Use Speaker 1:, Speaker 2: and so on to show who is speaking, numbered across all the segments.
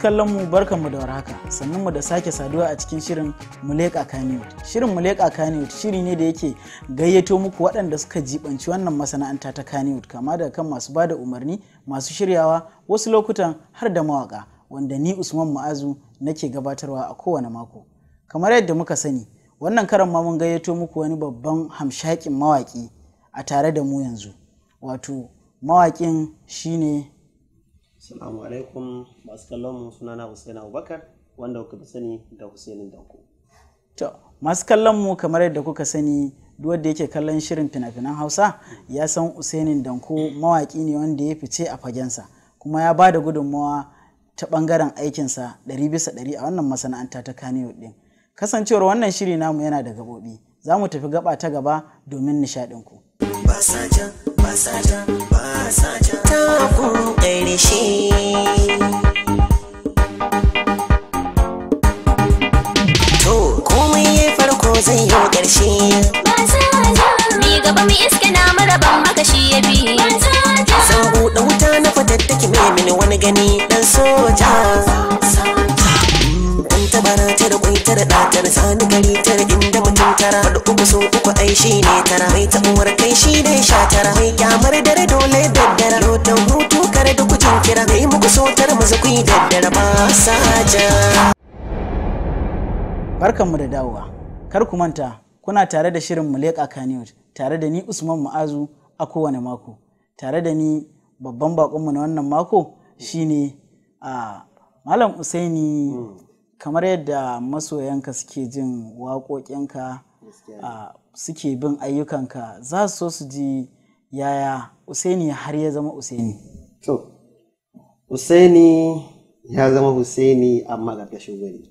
Speaker 1: kallon mu barkanmu da warhaka sannan mu da sake saduwa a cikin shirin Muleka Kaniwood. Shirin Muleka Kaniwood shiri ne da yake gayyato muku waɗanda suka jibanci wannan masana'anta ta Kaniwood kama da kan masu bada umarni, masu shiryawa, wasu lokutan har da mawaka wanda ni Usman Ma'azu nake gabatarwa a kowane mako. Kamar yadda muka sani, wannan karan ma mun gayyato muku wani babban hamshakin mawaki a tare da mu yanzu. Wato mawakin shine Assalamu
Speaker 2: alaikum masu kallon mu sunana Hussein Abubakar wanda kuka fi sani da Hussein Danko.
Speaker 1: To masu kallon mu kamar yadda kuka sani duk wanda yake kallon shirin fina-finan Hausa ya san Hussein Danko mawaki ne wanda ya fice a fagensa kuma ya ba da gudunmawa ta bangaren aikinsa ɗari bisa ɗari a wannan masana'anta ta Kano ɗin Kasancewar wannan shiri namu yana da gaɓoɓi za mu tafi gaba ta gaba domin nishaɗinku.
Speaker 2: Ba saja, ba saja, ba ƙarshe
Speaker 3: to komai
Speaker 2: ya farko zai yi ƙarshe ni gaba mai iska na maraban makashi ya bi sau buɗe wuta na fatattaki mai mini wani gani ɗan
Speaker 4: soja ta da ta da ɗatar sani gari ta da inda mutum tara da uku so uku ai shi ne tara mai taɓuwar kai shi ne sha tara mai kyamar dare dole daddara yau ta hutu tare da kira ga yi muku sautar yi saja.
Speaker 1: Barkanmu da dawowa, kar ku manta kuna tare da shirin Muleka Kaniyot tare da ni Usman Ma'azu a kowane mako. Tare da ni babban bakonmu na wannan mako shine a Malam Usaini kamar yadda masoyanka suke jin waƙoƙinka suke bin ayyukanka za su so su ji yaya Usaini har ya zama Usaini.
Speaker 2: to Husaini ya zama Husaini amma ƙarƙashin wani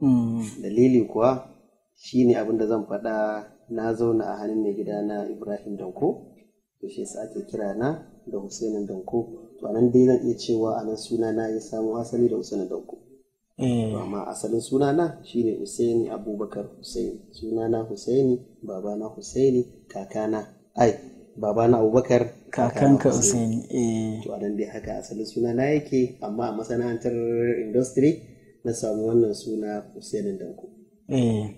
Speaker 2: hmm. dalili kuwa shine abin da zan faɗa na zauna a hannun mai gida na Ibrahim Danko da shi sa ake kira na da Husaini Danko to anan dai zan iya cewa anan suna na ya samu asali da Husainin Danko eh. to amma asalin suna na shi ne Husaini Abubakar Husaini suna na Husaini babana Husaini kakana ai babana abubakar kakanka usain eh. a to dai haka asalin suna na yake amma a masana'antar industry na samu wannan suna usainin danko eh.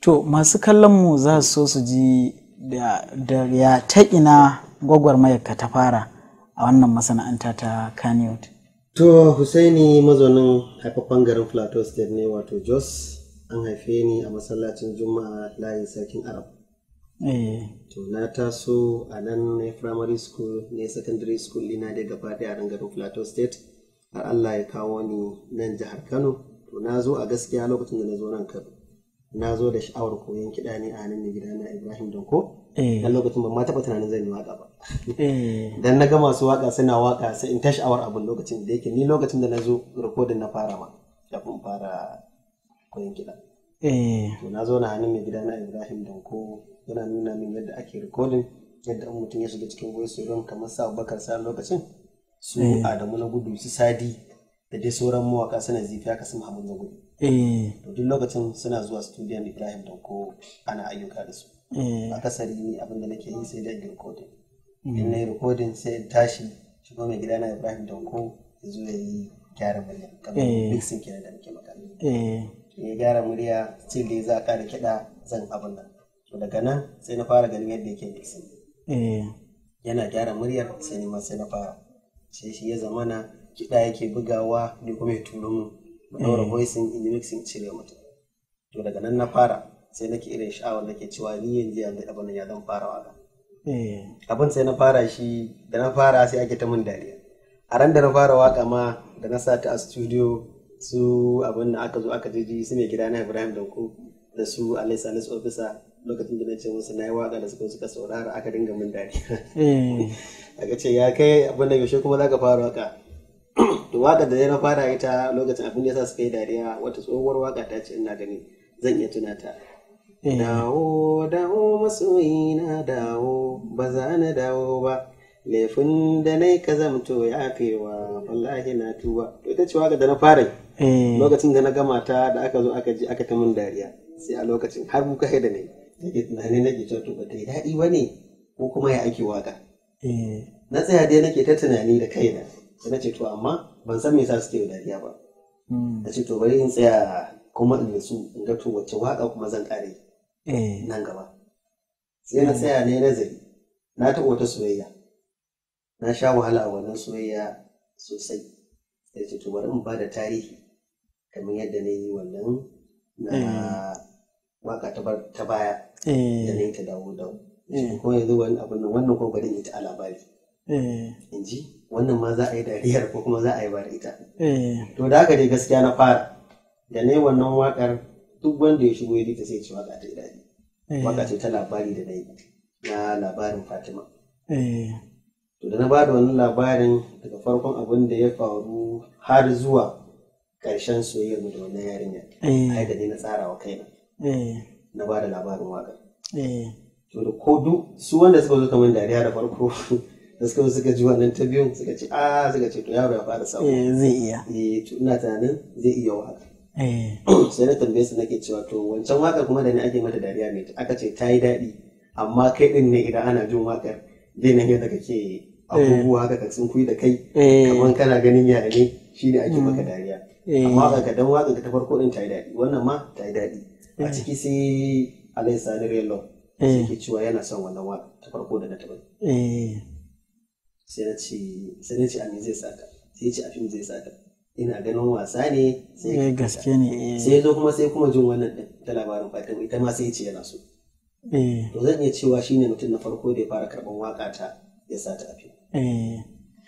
Speaker 1: to masu kallon mu za su so su ji
Speaker 2: da
Speaker 1: ya ta ina gwagwarmayar ka ta fara a wannan masana'anta ta kaniyot to
Speaker 2: husaini mazaunin haifafan garin plateau state ne wato jos an haife ni a masallacin juma'a layin sarkin arab Eh. to na taso a nan na primary school ne secondary school ina dai gaba da a garin plateau state har allah ya kawo ni nan jihar kano to na zo a gaskiya lokacin da na zo nan kano na zo da sha'awar koyon kiɗa ne a nan gida na ibrahim danko eh. dan lokacin ban ma taɓa tunanin zan yi waka ba eh. dan na ga masu waka suna waka sai in ta sha'awar abin lokacin da yake ni lokacin da na zo rikodin na fara ma kafin fara koyon kiɗa to na zo na hannun mai gida na ibrahim danko yana nuna min yadda ake recording yadda an mutum ya shiga cikin voice room kamar sa bakar sa lokacin su eh. adamu na gudu su sadi da dai sauran mawaka suna zifi haka sun hamu na gudu eh. to duk lokacin suna zuwa studiyon ibrahim da ko ana ayyuka da su eh. akasari ni abin da nake yi sai dai recording in na yi recording mm. sai tashi shigo mai gida na ibrahim da ko ya zo ya yi gyara murya kamar mixing kenan da muke magana ya gyara murya cikin dai za a kara kiɗa zan abin nan to daga nan sai na fara ganin yadda yake mixing eh. yana gyara muryar sai ni sai na fara sai shi ya zamana kiɗa yake bugawa ni kuma ya turo mu mu ɗaura eh. voicing in mixing cire mutum to daga nan na fara sai nake irin sha'awar nake cewa ni yanzu yanzu abin ya zan fara waka eh. abin sai na fara shi da na fara sai ake ta mun dariya a ran da na fara waka ma da na sa ta a studio su abin da aka zo aka jiji su mai gida na ibrahim danko da su alice alice officer lokacin da na ce musu na yi waka da suka suka saurara aka dinga min dadi eh. aka ce ya kai abin da yaushe kuma za ka fara waƙa to da na fara ita lokacin abin da sa suka yi dariya wata tsohuwar waƙa ta ce ina gani zan iya tuna ta eh. dawo dawo masoyi na dawo ba za na dawo ba laifin da na yi ka zamto ya wa wallahi na tuba to ita ce waƙa da na fara
Speaker 1: eh. lokacin
Speaker 2: da na gama ta da aka zo aka ji aka ta min dariya sai a lokacin har kuka haida ne nake tunani nake cewa to bata yi daɗi ba ne ko kuma ya ake waka eh. na tsaya dai nake ta tunani da kaina da na ce to amma ban san me yasa suke dariya ba hmm. na ce to bari in tsaya kuma in nutsu in ga to wacce waka kuma zan kare eh. nan gaba sai na tsaya ne nazari na taɓa wata soyayya na sha wahala a wannan soyayya sosai sai ce to bari in ba da tarihi kamar yadda na yi wannan na eh. waka ta baya eh. da ne ta dawo da eh. kuma yanzu wani abin nan wannan ko bari in ta labari eh. in ji wannan ma za a yi dariyar ko kuma za a yi ba da ita to da haka dai gaskiya na fara da ne wannan wakar duk wanda ya shigo ya ta sai ce waka ta yi daɗi waka ce ta labari da na na labarin fatima to da na ba da wannan labarin daga farkon abin da ya faru har zuwa ƙarshen soyayyar mu da wannan yarinya ai da ni na tsara wa kaina Eh. na ba da labarin waka. Eh. to da ko su wanda suka zo kamar dariya da farko da suka zo suka ji wannan ta biyun suka ce a ah, suka ce to yaro ya fara samu eh, zai iya to ina tunanin zai iya waƙa sai na tambaye su nake cewa to wancan waƙar kuma da ni ake mata dariya ne aka ce ta yi daɗi amma kai ɗin ne idan ana jin waƙar zai nan yadda kake abubuwa haka ka sun kuyi da kai kamar kana ganin yare ne shi ne ake maka mm. dariya amma ka dan waƙa ta farko ɗin ta yi daɗi wannan ma ta yi daɗi a eh. ciki sai alai sani Rello. sai eh. ke cewa yana son wannan wa ta farko da na taɓa eh. sai na ce sai na ce a me zai saka sai ya ce a fim zai saka ina ganin wasa ne sai
Speaker 1: gaske ne sai
Speaker 2: zo kuma sai kuma jin wannan ta labarin fatan ita ma sai ya ce yana so to zan iya cewa shine mutum na farko da ya fara karɓar waka ta ya sa ta a fim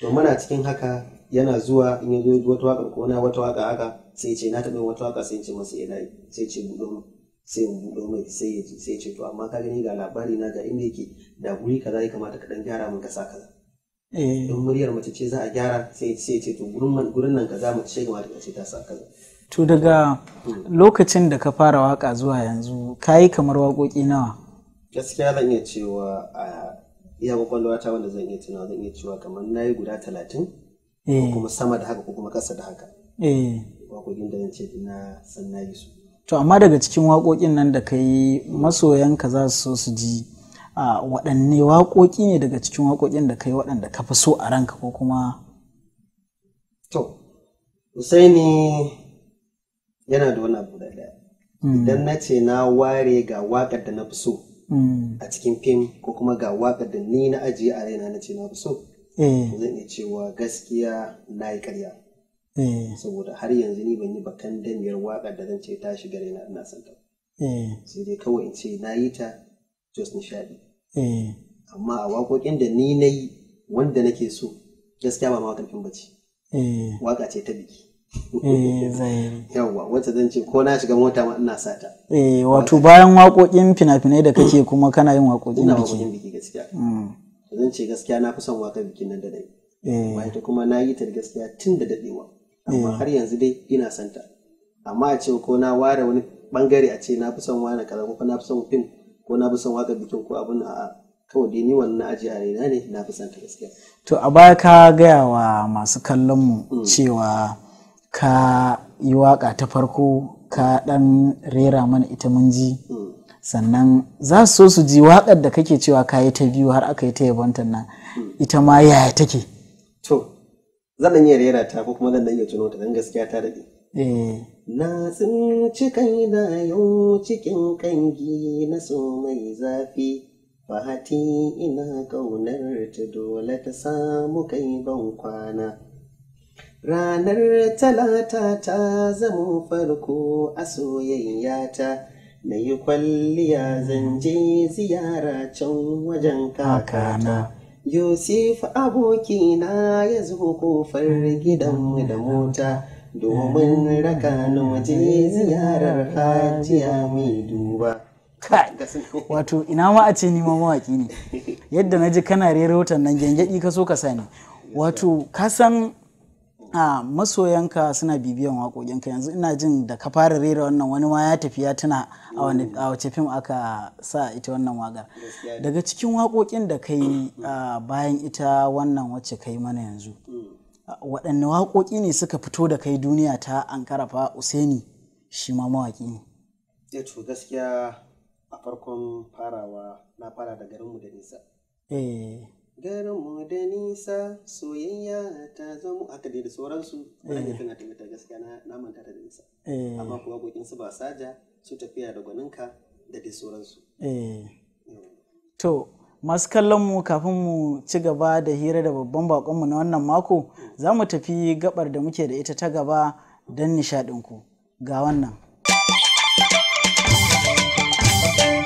Speaker 2: to muna cikin haka yana zuwa in ya zo wata waka ko na wata waka haka sai ce na taɓa wata waka sai ce masu ina sai ce buɗo sai mu buɗo mai sai ya ce sai ya ce to amma ka gani ga labari na ga inda yake da guri kaza ya kamata ka dan gyara mun kasa kaza eh. Don muryar mace ce za a gyara sai ya ce to gurin gurin nan kaza mace ce kamata ka ce ta sa kaza
Speaker 1: to daga hmm. lokacin da ka fara waka zuwa yanzu kayi kamar waƙoƙi nawa
Speaker 2: gaskiya zan iya cewa a iya kwakwalwa ta wanda zan iya tunawa zan iya cewa kamar na yi guda talatin
Speaker 1: ko eh. kuma sama
Speaker 2: da haka ko kuma ƙasa da haka eh. waƙoƙin da zan ce na san na yi su
Speaker 1: to amma daga cikin waƙoƙin nan da ka yi masoyanka za su so su ji waɗanne waƙoƙi ne daga cikin waƙoƙin da ka yi waɗanda ka fi so a ranka ko kuma to
Speaker 2: ne yana da wani abu da hmm. idan na ce na ware ga waƙar da na fi so hmm. a cikin fim ko kuma ga waƙar da ni na ajiye a raina na ce na fi so eh. zan iya cewa gaskiya na yi karya Eh. saboda har yanzu ni ban yi bakan damiyar waƙar da zan ce ta shiga raina ina son ta eh. sai dai kawai in ce na yi ta jos nishaɗi eh. amma a waƙoƙin da ni na yi wanda nake so gaskiya ba mawaƙar fim bace waƙa ce ta biki yawwa wacce zan ce ko na shiga mota ma ina sata eh wato
Speaker 1: bayan waƙoƙin fina-finai da kake kuma kana yin waƙoƙin biki ina waƙoƙin
Speaker 2: biki gaskiya mm. zan ce gaskiya na fi son waƙar bikin nan da dai ita kuma na yi ta gaskiya tun da daɗewa amma eh. har yanzu dai ina santa amma a ce ko na ware wani bangare a ce na fi son wani kaza ko na fi son fim ko na fi son waka bikin ko abin a a kawai dai ni wannan aji a raina ne na fi santa gaskiya
Speaker 1: to a baya ka gaya wa masu kallon mu mm. cewa ka yi waka ta farko ka ɗan rera mana ita mun ji mm. sannan za su so su ji wakar da kake cewa ka yi ta biyu har aka yi ta yabon nan mm. ita ma yaya take
Speaker 2: to zan dan iya rera ta ko kuma zan dan iya tuno ta dan gaskiya ta dade eh. na tsinci kai na yau cikin kangi na so mai zafi fahati ina kaunar ta dole ta samu kai ban kwana ranar talata ta zamo farko a soyayyata na yi kwalliya zan je ziyara can wajen kakana. Yusuf abokina ya zo kofar mu da mota domin raka je ziyarar hajiya mai
Speaker 1: duba. Wato ina ma a ce ni ma mawaƙi ne, yadda na ji kana rera nan gyangyaɗi ka so ka sani. Wato kasan a ah, masoyanka suna bibiyan waƙoƙinka yanzu ina jin da ka fara rera wannan wani ma ya tafi tuna a wace fim aka sa ita wannan wagar daga cikin waƙoƙin da kai yi ah, bayan ita wannan wacce ka mana yanzu mm. ah, waɗanne waƙoƙi ne suka fito da kai duniya ta an karafa useni shi ma mawaƙi ne
Speaker 2: eh to gaskiya a farkon farawa na fara da garinmu da nisa eh. garinmu da nisa soyayya ta zama aka da sauransu wannan tana mita gaskiya na namanta da nisa eh. amma kuma gokin su ba saja su tafiya da gwaninka da dai sauransu
Speaker 1: eh. to masu kallon mu kafin mu ci gaba da hira da babban bakonmu na wannan mako mm. za mu tafi gabar da muke da ita ta gaba don nishadinku ga wannan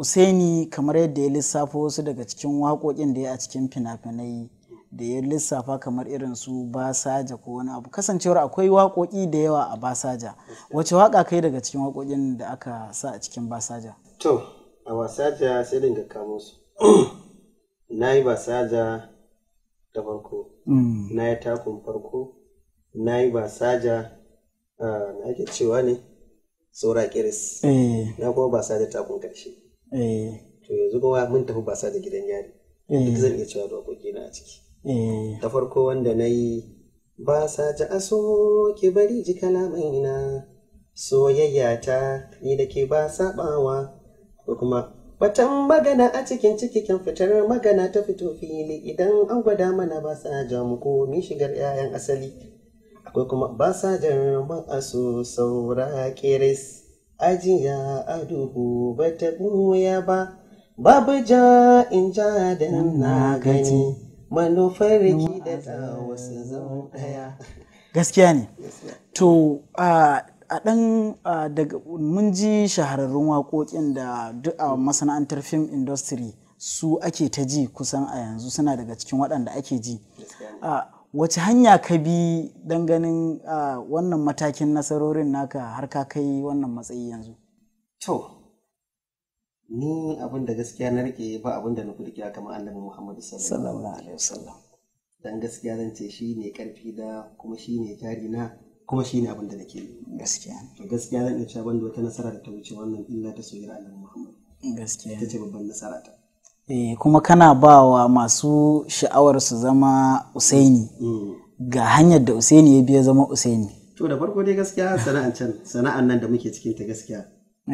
Speaker 1: Usaini kamar yadda ya lissafa wasu daga cikin waƙoƙin da ya a cikin fina-finai da ya lissafa kamar irin su basaja ko wani abu kasancewar akwai waƙoƙi da yawa a basaja wace waƙa kai daga cikin waƙoƙin da aka sa a cikin basaja
Speaker 2: to a basaja sai dinga kamo su na yi basaja da farko mm. na yi takun farko na yi basaja ah, na ake cewa ne saura kiris eh. na kuma basaja takun ƙarshe Eh. to yanzu kuma mun tafi basa da gidan yari duk eh. zan iya cewa da dokoki na a ciki eh. ta farko wanda na yi ba sa ji aso ke bari ji kalamina soyayya ta ni da ke ba sabawa ko kuma Watan magana a cikin ciki kan fitar magana ta fito fili idan an gwada mana ba sa jamu ko ni shigar 'ya'yan asali. Akwai kuma ba sa jan aso saura kiris ajiya a ba ta ɓuya ba babu ja in ja da mm, na gani manufar riki mm. da ta wasu zama ɗaya gaskiya ne
Speaker 1: to a ɗan mun ji shahararrun waƙoƙin da duk a masana'antar film industry su ake ta ji kusan a yanzu suna daga cikin waɗanda ake ji wace hanya ka bi don ganin wannan matakin nasarorin naka har ka kai wannan matsayi yanzu to
Speaker 2: ni abin da gaskiya na rike ba abin da na kudurkiya kamar annabi muhammadu sallallahu alaihi wasallam dan gaskiya zan ce shi ne karfi da kuma shi ne jari na kuma shi ne abin da nake yi gaskiya to gaskiya zan iya cewa ban da wata nasara da ta wuce wannan illa ta soyar annabi muhammadu gaskiya ita ce babban nasara ta
Speaker 1: Eh, kuma kana ba wa masu sha'awar su zama usaini ga hanyar da usaini ya biya zama usaini
Speaker 2: to da farko dai gaskiya sana'an can sana'an nan da muke cikin ta gaskiya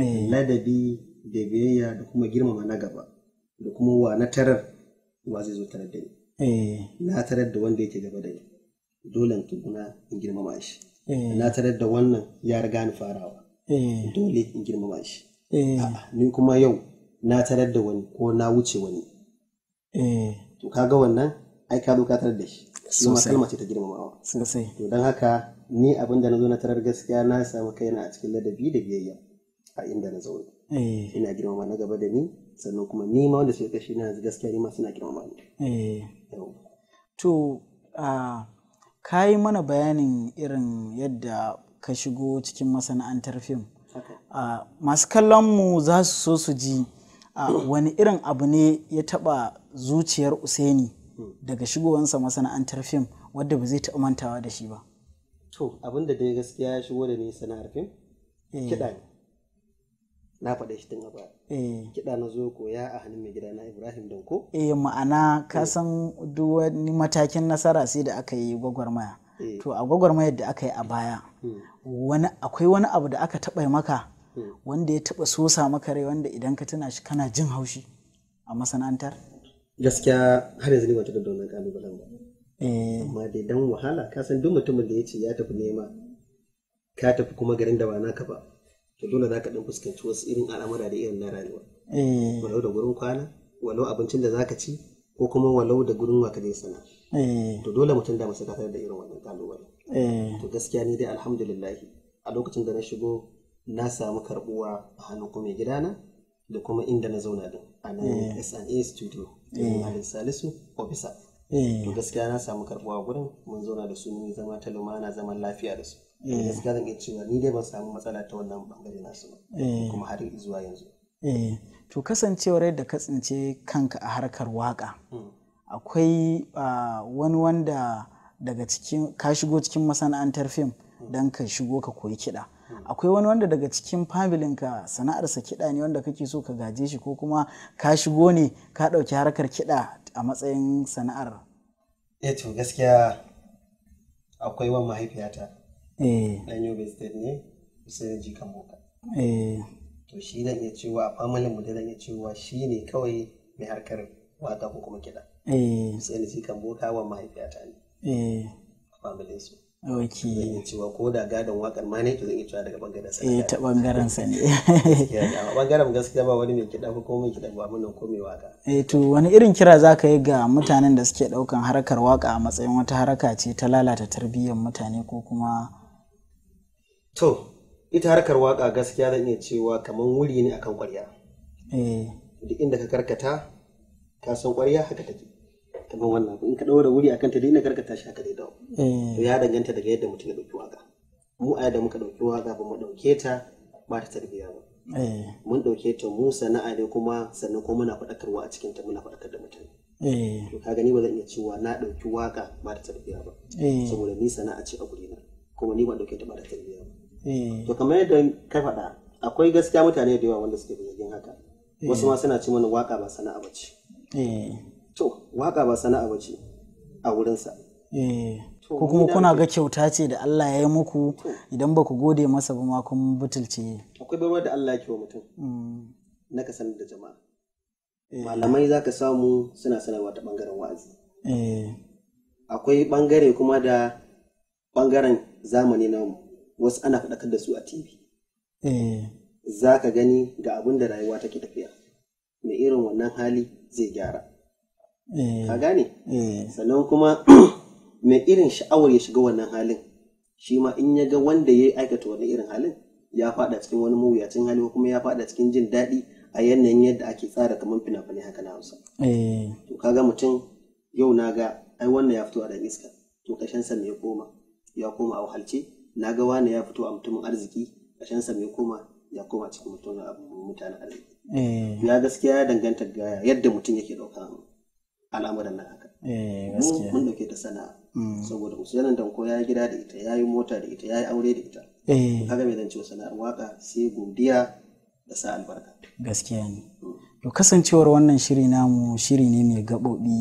Speaker 2: eh. ladabi da biyayya da kuma girmama na gaba da kuma wa na tarar wa zai zo tarar da ni eh. na tarar da wanda yake gaba da ni dole in in girmama shi na tarar da wannan ya riga ni farawa dole in girmama shi ni kuma yau na tarar da wani ko na wuce wani eh. to kaga wannan ai ka bukatar da shi kuma kalma ce ta girmamawa sosai to don haka ni abin da na zo na tarar gaskiya na samu kaina a cikin ladabi da biyayya a inda na zaune eh. ina girmama na gaba da ni sannan kuma ni ma wanda suka kashi na gaskiya ni ma suna girmama ni
Speaker 1: eh. to ka yi mana bayanin irin yadda ka shigo cikin masana'antar fim masu kallon mu za su so su ji wani irin abu ne ya taɓa zuciyar usaini daga shigowansa masana'antar fim wadda ba zai taɓa mantawa da shi ba
Speaker 2: to abin da dai gaskiya ya shigo da ni sana'ar fim eh. kiɗa ne na faɗa shi tun a baya eh. kiɗa na zo koya a hannun mai gida na ibrahim danko
Speaker 1: eh ma'ana ka eh. san duk wani matakin nasara sai da aka yi gwagwarmaya to a gwagwarmayar da aka yi a baya hmm. wani akwai wani abu da aka taɓa maka Hmm. wanda ya taɓa sosa maka rai wanda idan ka tuna shi kana jin haushi a masana'antar
Speaker 2: gaskiya har yanzu ne ba da wannan kalubalen ba eh. amma dai dan wahala ka san duk mutumin da ya ce ya tafi nema ka tafi kuma garin da ba naka ba to dole za ka dan fuskanci wasu irin al'amura da irin na rayuwa eh. walau da gurin kwana walau abincin da zaka ci ko kuma walau da gurin waka zai sana eh. to dole mutum da masu da irin wannan kalubale to gaskiya ni dai alhamdulillah a lokacin da na shigo na samu karbuwa a hannun kuma gidana da kuma inda na zauna din a nan eh. SNA studio Alin eh. Salisu ofisa eh. to gaskiya na samu karbuwa gurin mun zauna da su ni zama ta lumana zaman lafiya da su gaskiya zan iya cewa ni dai ban samu matsala ta wannan bangare nasu ba kuma har zuwa yanzu
Speaker 1: to kasancewar yadda ka tsince kanka a harkar waka hmm. akwai wani wanda daga cikin ka shigo cikin masana'antar fim hmm. don ka shigo ka koyi kiɗa akwai wani wanda daga cikin familinka sana'arsa kiɗa ne wanda kake so ka gaje shi ko kuma ka shigo ne ka ɗauki harkar kiɗa
Speaker 2: a matsayin sana'ar eh to gaskiya akwai wani mahaifiyata eh. dan yobe state ne sai ji eh to shi dan ya cewa a familin mu dan ya cewa shi ne kawai mai harkar waka ko kuma kiɗa eh. sai ji boka wa mahaifiyata ne eh. a familin su ok cewa ko da gadon wakan ma ne to zan iya cewa daga bangaren sa eh ta
Speaker 1: bangaren sa ne
Speaker 2: bangaren gaskiya ba wani mai kiɗa ko mai kiɗa ba mun ko mai waka
Speaker 1: eh to wani irin kira zaka yi ga mutanen da suke daukan harkar waka a matsayin wata haraka ce ta lalata tarbiyyar mutane ko
Speaker 2: kuma to ita harkar waka gaskiya zan iya cewa kaman wuri ne akan kwarya eh duk inda ka karkata ka san kwarya haka take ta ban wannan in ka ɗaura wuri akan ta daina karkata shi haka dai dawo
Speaker 1: to ya
Speaker 2: danganta daga yadda mutum ya ɗauki waka mu a yadda muka ɗauki waka ba mu ɗauke ta ba ta tarbiyya ba eh. mun ɗauke ta mu sana'a ne kuma sannan kuma muna faɗakarwa a cikin ta muna faɗakar da mutane eh. to ka gani ba zan iya cewa na ɗauki waka ba ta tarbiyya ba eh. saboda ni sana'a ce a guri na kuma ni ban ɗauke ta ba ta tarbiyya ba to kamar yadda ka faɗa akwai gaskiya mutane da yawa wanda suke da haka wasu ma suna ce mana waka ba sana'a ba ce to waka ba sana'a ba ce a wurinsa
Speaker 1: eh, ko kuma kuna ga kyauta ce da Allah ya yi muku idan ba ku gode masa ba ma kun butulce
Speaker 2: akwai barwa da Allah ya wa mutum mm. na ka sanar da jama'a eh. malamai za ka samu suna sanarwa ta bangaren wa'azi eh. akwai bangare kuma da bangaren zamani na wasu ana faɗakar da su a tv za ka gani ga abin da rayuwa take tafiya mai irin wannan hali zai gyara Eh, ka gane eh. sannan kuma mai irin sha'awar ya shiga wannan halin shi ma in ya ga wanda ya aikata wani irin halin ya fada cikin wani mawuyacin hali ko kuma ya fada cikin jin daɗi a yanayin yadda ake tsara kamar fina-finai haka na hausa eh. to kaga mutum yau na ga ai wannan ya fito a dan iska to kashin sa ya koma ya koma a wahalce na ga wani ya fito a mutumin arziki kashin sa ya koma ya koma cikin mutumin mutanen arziki ya gaskiya danganta ga yadda mutum yake ɗauka al'amuran nan haka eh, mu mun dauke ta sana'a mm. saboda da danko ya yi gida da ita ya yi mota da ita ya yi aure da ita eh. kaga mai zance sana'ar waka sai godiya da sa albarka
Speaker 1: gaskiya ne mm. to kasancewar wannan shiri namu shiri ne mai gaɓoɓi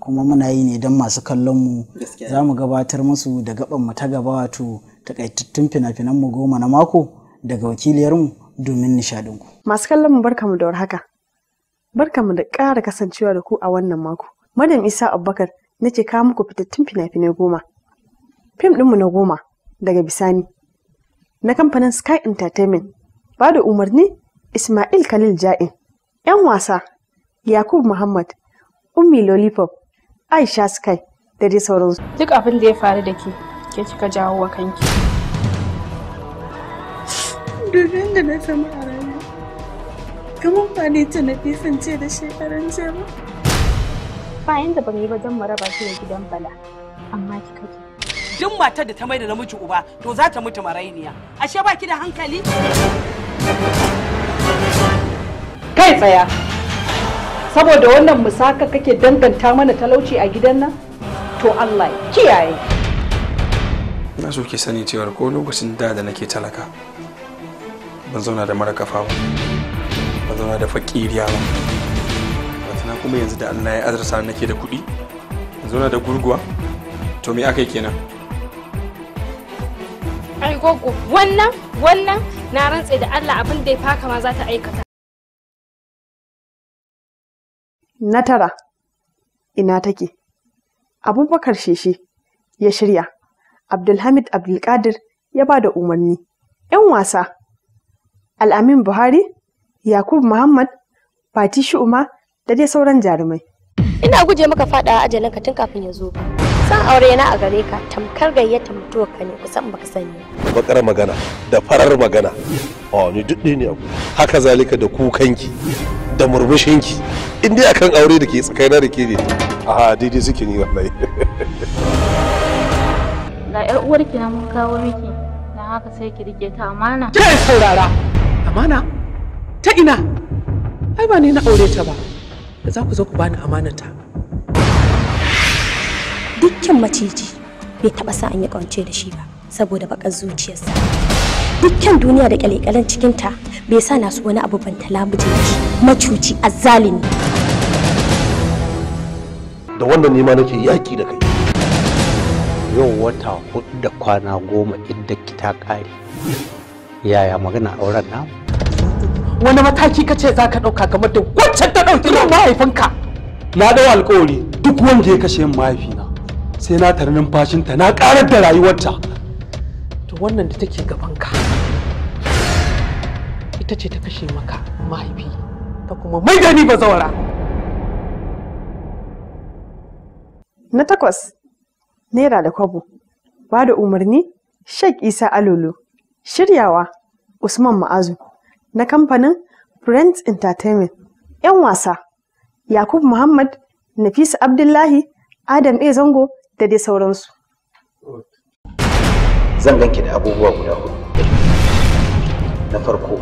Speaker 1: kuma muna yi ne don masu kallon mu za mu gabatar musu da gaban mu ta gaba wato takaitattun fina-finan mu goma na mako daga wakiliyarmu domin ku
Speaker 4: Masu kallon mu barkamu da warhaka. Barkanmu da ƙara kasancewa da ku a wannan mako. Maryam Isa Abubakar nake kawo muku fitattun fina-finai goma. Fim ɗinmu na goma daga bisani na kamfanin Sky Entertainment ba da umarni Ismail Khalil Ja'in. 'Yan wasa Yakub Muhammad, Ummi Lollipop, Aisha Sky da dai sauransu. Duk abin da ya faru da ke, ke kika jawo wa kanki. Domin da na a kamar ba ne ta na ce da shekaran jiya ba. Bayan da ban yi ba zan maraba shi da gidan bala, amma ki kake. Duk matar da ta mai da namiji uba to za ta mutu marainiya. Ashe ba ki da hankali? Kai tsaya! Saboda wannan musaka kake danganta mana talauci a gidan nan? To Allah kiyaye. Na so
Speaker 3: ke sani cewar ko lokacin da da nake talaka ban zauna da mara kafa ba. ba zama da fakiriya ba batana kuma yanzu da allah ya azarsa nake da kuɗi na da gurguwa to me aka yi kenan ai gogo wannan wannan na rantse da allah abin da ya faka ma za ta
Speaker 4: aikata na tara ina take abubakar sheshe ya shirya abdulhamid abdulkadir ya ba da umarni 'yan wasa al'amin buhari Yakubu Muhammad, Fati Shu'uma da dai sauran jarumai. Ina guje maka faɗa ajalin ka tun kafin ya zo. San aure na a gare ka tamkar gayyata mutuwar ka ne kusan baka sani.
Speaker 3: Bakar magana da farar magana. Oh ni duk ne abu. Haka zalika da kukanki da murmushinki. In dai akan aure da ke tsakanin da ke ne. Aha daidai suke ni wallahi.
Speaker 4: Ga 'yar uwarki na mun kawo miki. Na haka sai ki rike ta amana. Ke
Speaker 3: saurara. Amana? ta ina ai ba ni na aure ta ba da za ku zo ku bani amanata
Speaker 4: dukkan maciji bai taba sa an yi kawance da shi ba saboda bakar zuciyarsa dukkan duniya da kyalekyalen cikinta bai sa nasu wani abu ban talabijin macuci azzalimi
Speaker 3: da wannan nema nake yaki da kai yau wata hudu da kwana goma idda ta kare yaya magana auren namu wani mataki ka ce za ka ɗauka game da waccan ta ɗauki ran mahaifinka na ɗau alƙawari duk wanda ya kashe mahaifina sai na tare numfashinta na ƙarar da rayuwarta to wannan da take gabanka ita ce ta kashe maka mahaifi ta kuma mai gani
Speaker 4: bazawara na takwas naira da kwabo ba da umarni shek Isa Alolo, shiryawa Usman Ma'azu. na kamfanin Friends Entertainment, 'yan wasa, Yakubu Muhammad, Nafisa Abdullahi, Adam A. Zango da dai sauransu.
Speaker 3: Zan ganke da abubuwa guda hudu. Na farko,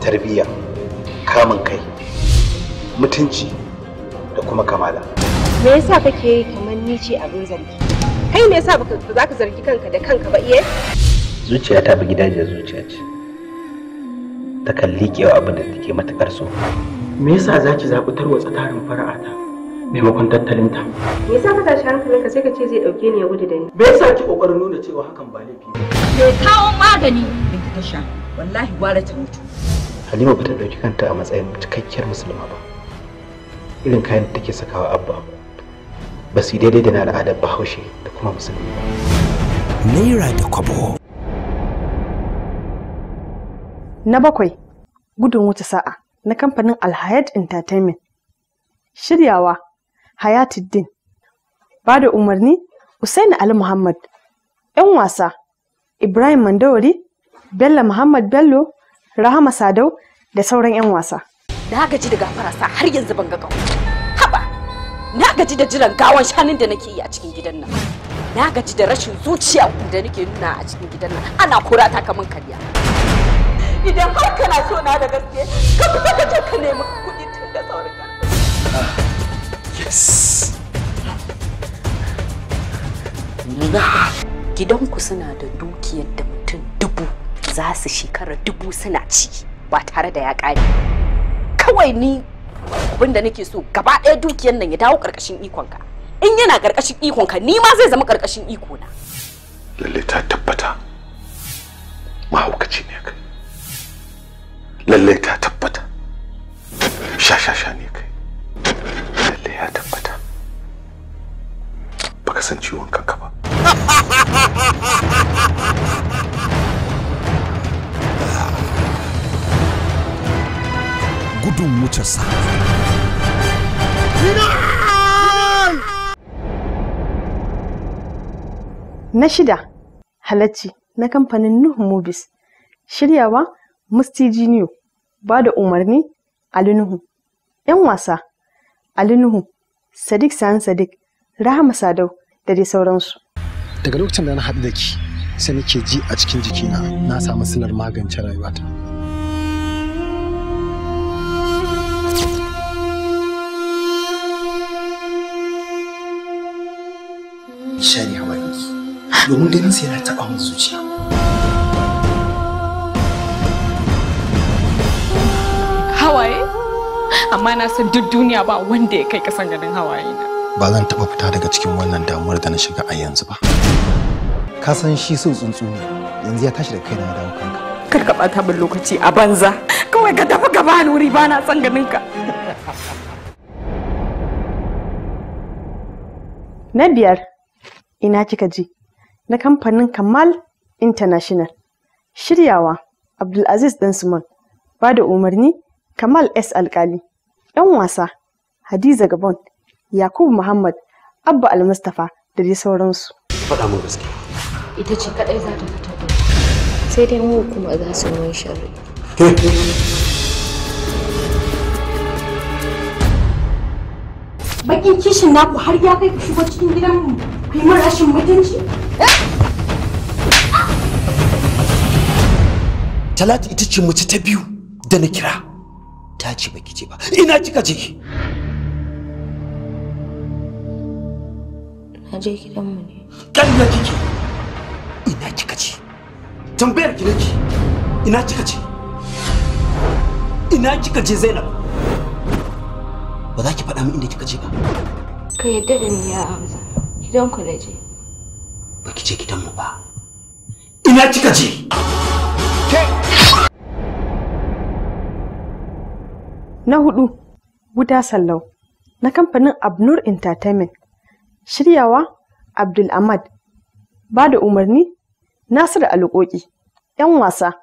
Speaker 3: tarbiyya, kamun kai, mutunci da kuma kamala.
Speaker 4: Me yasa kake yi kamar ni ce abin zargi? Kai me yasa ba za ka zargi kanka da kanka ba iye?
Speaker 2: Zuciya ta bi gidaje zuciya ce. ta kan liƙewa
Speaker 3: abin da take matakar so me yasa za ki zaɓi tarwatsa tarin ta, maimakon ta? me yasa ka tashi Ka sai ka ce zai ɗauke ni ya gudu da ni me yasa ki ƙoƙarin nuna cewa hakan ba laifi ba Me kawo magani in ta sha wallahi gwara ta mutu halima ba ta ɗauki kanta a matsayin cikakkiyar musulma ba irin kayan da take sakawa abba ba su daidai da na al'adar bahaushe da kuma musulmi naira da kwabo
Speaker 4: Na bakwai, gudun wuce sa'a na kamfanin Alhayat Entertainment. Shiryawa, Hayatuddin. Ba da umarni, Usaini Ali Muhammad. 'Yan wasa, Ibrahim Mandawari, Bello Muhammad Bello, Rahama Sadau da sauran 'yan wasa.
Speaker 3: Na gaji da gafararsa har yanzu ban ga Haba! Na gaji da jiran gawan shanun da nake yi a cikin gidan nan. Na gaji da rashin zuciya da nake nuna a cikin gidan nan. Ana kora ta kamar karya.
Speaker 4: idan har kana so na da gaske ka fita ka je ka nemi kuɗi tun da sauran yes Mina. Gidanku suna
Speaker 3: da dukiyar da mutum dubu za su shekara dubu suna ci ba tare da ya ƙare. Kawai ni abinda nake so gaba ɗaya dukiyar nan ya dawo ƙarƙashin ikonka. In yana ƙarƙashin ikonka ni ma zai zama ƙarƙashin ikona. Lalle ta tabbata mahaukaci ne kai. lallai ta tabbata sha-sha-sha ne kai lallai ya tabbata baka san ciwon kanka ba gudun wuce sa
Speaker 4: na shida halacci na kamfanin nuhu movies shiryawa mustiji new. ba da umarni Ali Nuhu. 'Yan wasa Ali Nuhu, Sadiq Sani Sadiq, Rahama Sadau da dai sauransu.
Speaker 3: Daga lokacin da na haɗu da ki sai nake ji a cikin jikina na samu sanar magance rayuwata. Shari hawa domin ganin sai na taɓa mu
Speaker 4: zuciya. hawaye amma na san duk duniya ba wanda ya kai kasan ganin hawaye na
Speaker 3: ba zan taba fita daga cikin wannan damuwar da na shiga a yanzu ba ka san shi so tsuntsu ne yanzu ya tashi da kaina ya dawo kanka kar ka bata min lokaci a banza kawai ka tafi gaba nuri ba na san ganin ka
Speaker 4: na biyar ina kika ji na kamfanin kamal international shiryawa abdulaziz dan ba da umarni Kamal S. Alkali, 'yan wasa, Hadiza Gabon, Yakubu Muhammad, Abba Almustafa da dai sauransu. Faɗa mu gaske. Ita ce kaɗai za ta fita sai dai mu kuma za su mun sharri. Bakin kishin naku har ya kai ku shigo cikin gidanmu ku yi rashin mutunci.
Speaker 3: Talatu ita ce mace ta biyu da na kira. ta ce baki ce ba ina kika je na je mu ne kan ƙarya kike ina kika ce tambayar ki nake ina kika ce ina kika je Zainab ba za ki faɗa min inda kika je ba ka yadda da ni ya amsa ku da je ba baki ce mu ba ina kika je
Speaker 4: Na hudu, wuta Sallau na kamfanin Abnur Entertainment. Shiryawa Abdul Ahmad. Ba da umarni Nasiru Alƙoƙi. 'Yan wasa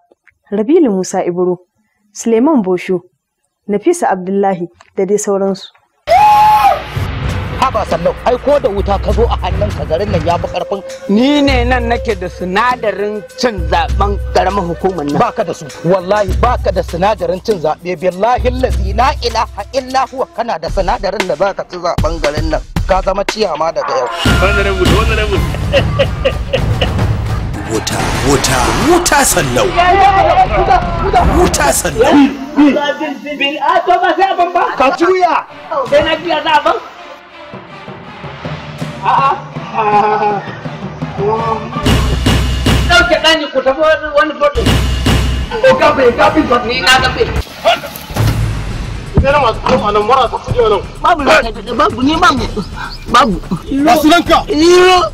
Speaker 4: Rabilu Musa Ibro, Suleiman Bosho, Nafisa Abdullahi da dai sauransu.
Speaker 3: haba sannan ai ko da wuta ka zo a hannun ka garin nan ya fi karfin ni ne nan nake da sinadarin cin zaben karamin hukumar nan baka da su wallahi baka da sinadarin cin zabe billahi allazi la ilaha illa huwa kana da sinadarin da zaka ci zaben garin nan ka zama ciyama daga yau honorable honorable wuta wuta wuta sallau wuta sallau bil adama sai ban ba ka juya sai na biya da ban Ɗauke ɗani ku tafi wani foto. Ko gafe, gafe ba ni na gafe. Idan masu kawo a nan mara ta fuje nan. Babu, babu, ni babu. Babu. Ba su ranka. Iro.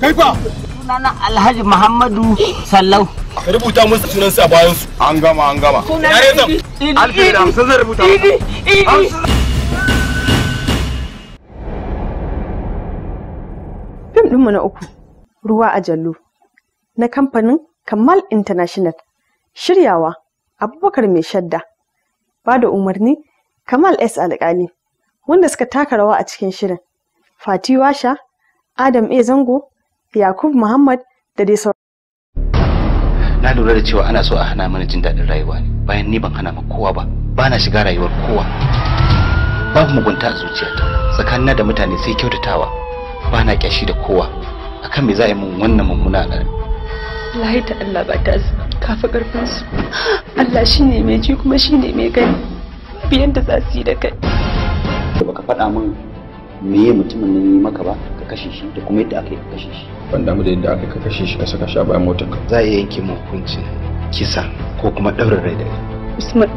Speaker 3: Kai fa. Sunana Alhaji Muhammadu Sallau. Ka rubuta musu sunan a bayan su. An gama, an gama. Sunan Idi. Idi. Alfi da hamsin zai rubuta. Idi. Idi.
Speaker 4: Fim ɗinmu na uku, Ruwa a Jallo, na kamfanin Kamal International, shiryawa Abubakar Mai Shadda, ba da umarni Kamal S. Alƙali, wanda suka taka rawa a cikin shirin, Fati Washa, Adam A. Zango, Yakub Muhammad da dai sauran.
Speaker 3: Na lura da cewa ana so a hana mana jin daɗin rayuwa ne, bayan ni ban hana ma kowa ba, ba na shiga rayuwar kowa. Babu mugunta a zuciyata, tsakanina da mutane sai kyautatawa. Bana kyashi da kowa akan me za a yi mun wannan mummuna da
Speaker 4: Allah ta Allah ba ta kafa karfin su Allah shine mai ji kuma shine mai gani
Speaker 3: biyan da za su yi da kai da baka faɗa min ya mutumin nan yi maka ba ka kashe shi da kuma yadda aka yi ka kashe shi ban damu da yadda aka ka kashe shi ka saka shi a bayan motar ka za a yanke mun hukunci kisa ko kuma ɗaurin rai da Usman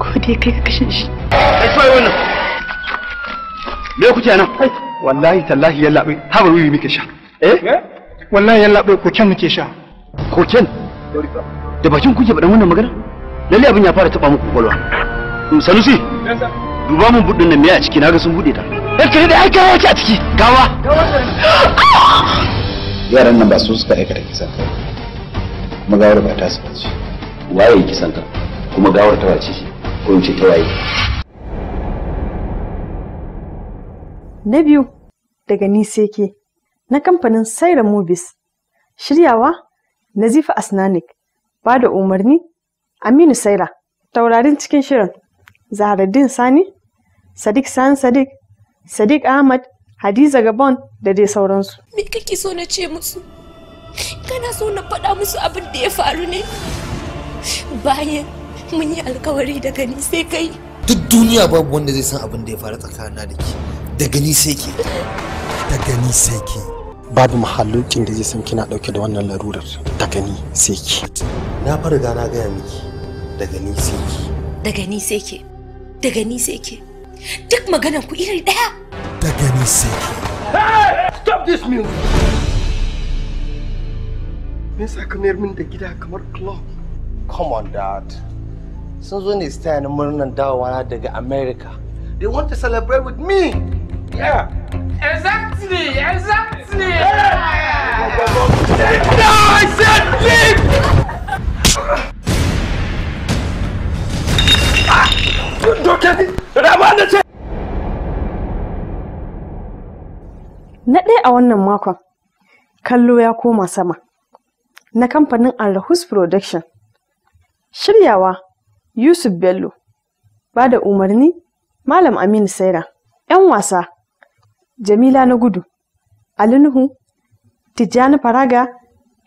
Speaker 3: ko dai kai ka kashe shi ai sai wannan me kuke nan wallahi tallahi yalla bai habar wiwi muke sha eh wallahi yalla bai koken muke sha koken da bakin kuke faɗan wannan magana lalle abin ya fara taba muku kwalwa mm, salusi duba mun buɗin nan me a ciki naga sun buɗe ta eh kai da ya ci a ciki gawa yaran nan ba su suka aikata kisan kai gawar ba ta su bace waye kisan ka kuma gawar ta wace shi ko in ce ta waye
Speaker 4: na biyu daga Niseke na kamfanin Saira Movies. Shiryawa Nazifa Asnanik ba da umarni Aminu Saira. Taurarin cikin shirin Zahraddin Sani, Sadiq San Sadiq, Sadiq Ahmad, Hadiza Gabon da dai sauransu. Me kake so na ce musu? Kana so na faɗa musu abin da ya faru ne? Bayan mun yi alkawari daga ni sai kai.
Speaker 3: Duk duniya babu wanda zai san abin da ya faru tsakanina da ke. daga gani sai ke da gani sai ke babu mahallukin da zai san kina dauke da wannan larurar daga gani sai ke na fara riga na gaya miki daga gani sai ke da gani sai ke da sai ke duk maganar ku iri daya daga gani sai ke hey! stop this music me sa ka nermin da gida kamar club come on dad sun zo ne su taya murnar dawowa daga america they want to celebrate with me Yeah.
Speaker 4: Na ɗaya a wannan makon, kallo ya koma sama, na kamfanin Alrahus Production. Shiryawa Yusuf Bello, ba da umarni Malam Aminu Saira, ‘yan wasa Jamila na gudu, Ali Nuhu, Tijjani Faraga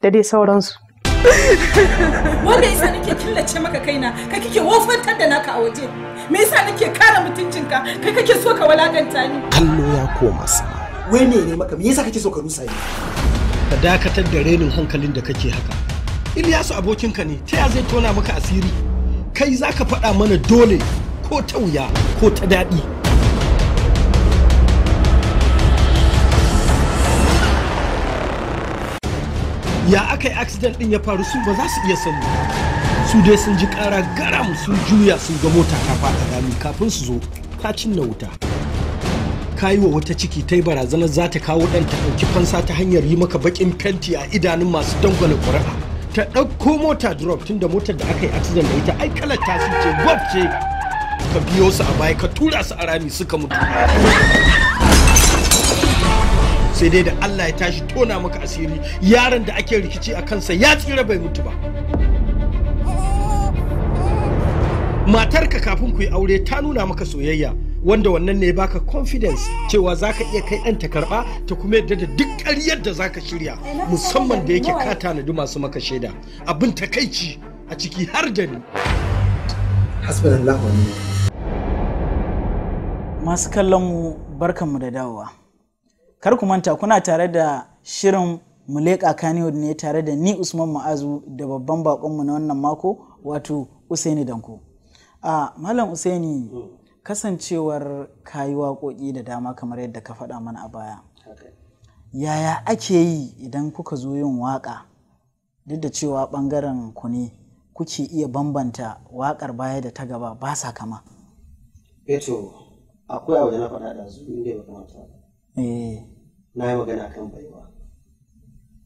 Speaker 4: da dai sauransu. Wanda yasa nake killace maka kaina, kai kike
Speaker 3: wofantar da naka a waje. Me yasa nake kare mutuncinka, kai kake so ka walakanta ni. Kallo ya koma sama. Wai ne ne maka, me yasa kake so ka rusa ni? Ka dakatar da renin hankalin da kake haka. Ilyasu abokinka ne, ta ya zai tona maka asiri? Kai za ka faɗa mana dole ko ta wuya ko ta daɗi. ya aka yi accident din ya faru su ba za su iya sani su dai sun ji kara garam sun juya sun ga mota ta fada rami kafin su zo ta cinna wuta ka wa wata ciki ta yi barazanar za ta kawo ɗan ta ɗauki fansa ta hanyar yi maka baƙin fenti a idanun masu dangwale ƙuri'a ta ɗauko mota drop tunda motar da aka yi accident da ita ai kalar tasi ce gwab ce ka biyo su a baya ka tura su a rami suka mutu sai dai da Allah ya tashi tona maka asiri yaron da ake rikici a kansa ya tsira bai mutu ba matarka kafin ku yi aure ta nuna maka soyayya wanda wannan ne baka confidence cewa za ka iya kai ɗanta karba ta kuma yadda da duk ƙaryar da za ka shirya musamman da yake ka tanadi masu maka shaida abin takaici a ciki har da ni
Speaker 1: hasbunallahu
Speaker 3: masu kallon mu mu
Speaker 1: da dawowa kar ku manta kuna tare da shirin muleka kaniwood ne tare da ni usman ma'azu da babban bakonmu na wannan mako wato usaini danko a malam usaini kasancewar kayi waƙoƙi da dama kamar yadda ka faɗa mana a baya yaya ake yi idan kuka zo yin waƙa duk da cewa ɓangaren ku ne kuke iya bambanta waƙar baya da ta gaba ba sa kama
Speaker 2: eh akwai abu da na faɗa da su inda ya kamata eh. na yi magana kan baiwa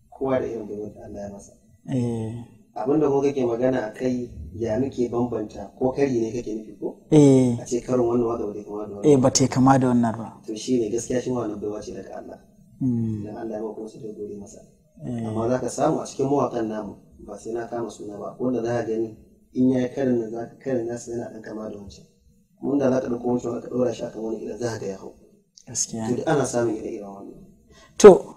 Speaker 2: kowa da irin baiwa da Allah ya masa eh. abin da kuka kake magana a kai ya muke bambanta ko kari ne kake nufi ko eh. a ce karin wannan waka ba ta
Speaker 1: kama da wannan eh, ba ta kama da wannan ba
Speaker 2: to shi ne gaskiya shi wannan baiwa ce daga Allah hmm. dan Allah ya maka wasu da gode masa amma za ka samu a cikin mawakan namu ba sai na kama suna ba wanda za ka gani in ya yi karin da za ka karin nasa yana ɗan kama da wancan mun da za ka ɗauko wancan ka ɗora shi kan wani idan za ka ga ya hau gaskiya to ana samun ire-iren wannan
Speaker 1: to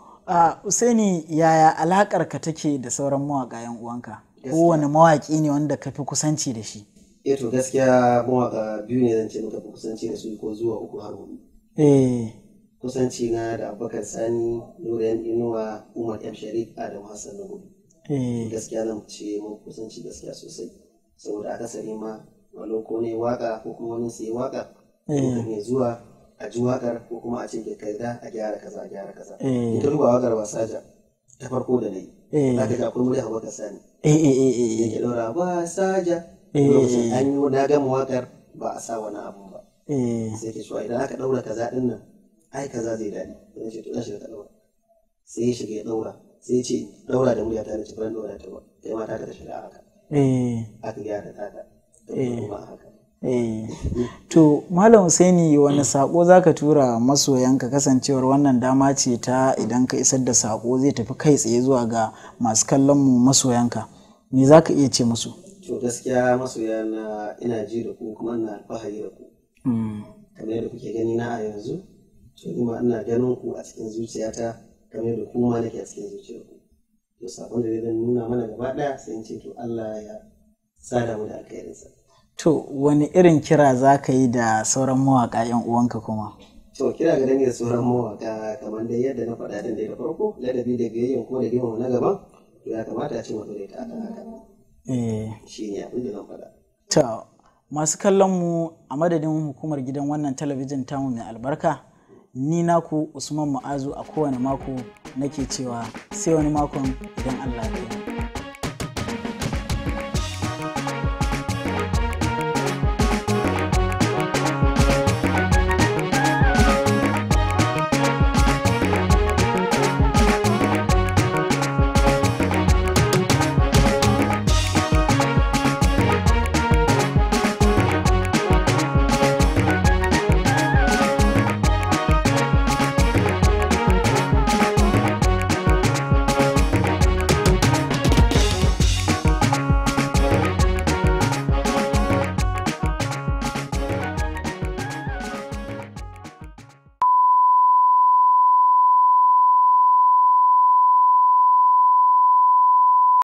Speaker 1: usaini yaya alakar ka take da sauran mawaƙa yan uwanka kowane mawaƙi ne wanda ka fi kusanci da shi
Speaker 2: eh to gaskiya mawaƙa biyu ne zan ce muka fi kusanci da su ko zuwa uku har hudu eh kusanci na da abubakar sani nuriyan inuwa umar m sharif adam hassan na hudu eh. gaskiya zan ce mu kusanci gaskiya sosai saboda akasari ma walau ko ne waka ko kuma wani sai waka
Speaker 4: ne zuwa
Speaker 2: a ji waƙar ko kuma a ce ke kaida a gyara kaza a gyara kaza eh. ita duba waƙar wasaja ta farko da na yi eh. za ka ga kurmuri hawa ka Ya ke ɗora wasaja saja. Eh. an yi na gama waƙar ba a sa wani abu ba sai ke cewa idan aka ɗaura kaza ɗin nan ai kaza zai daɗi idan ce to shiga ka ɗaura sai ya shiga ya ɗaura sai ce ɗaura da murya ta da cikin ɗaura ta ba kai ma ta ka ta shiga a haka aka gyara ta ta kuma a haka
Speaker 1: Eh. to malam Husaini wani sako zaka tura masoyanka kasancewar wannan dama ce ta idan ka isar da sako zai tafi kai tsaye zuwa ga masu kallon mu masoyanka me zaka iya ce musu
Speaker 2: to gaskiya masoya na ina ji da ku kuma ina alfahari da ku hmm. kamar yadda kuke gani na a yanzu to kuma ina ganin ku a cikin zuciyata kamar yadda ma nake a cikin zuciyarku to sakon da zai nuna mana gaba daya sai in ce to Allah ya sada mu da alkhairinsa
Speaker 1: To wani irin kira za ka yi da sauran mawaƙa 'yan uwanka kuma?
Speaker 2: To kira ga dangin sauran mawaƙa kamar da yadda na faɗa din da ya farko ladabi da biyayyen kuma da girmama na gaba to ya kamata a ce wato da ta akan haka. Eh. Shi ne abin da zan faɗa.
Speaker 1: To masu kallon mu a madadin hukumar gidan wannan talabijin tamu mai albarka ni naku Usman Ma'azu a kowane mako nake cewa sai wani makon idan Allah ya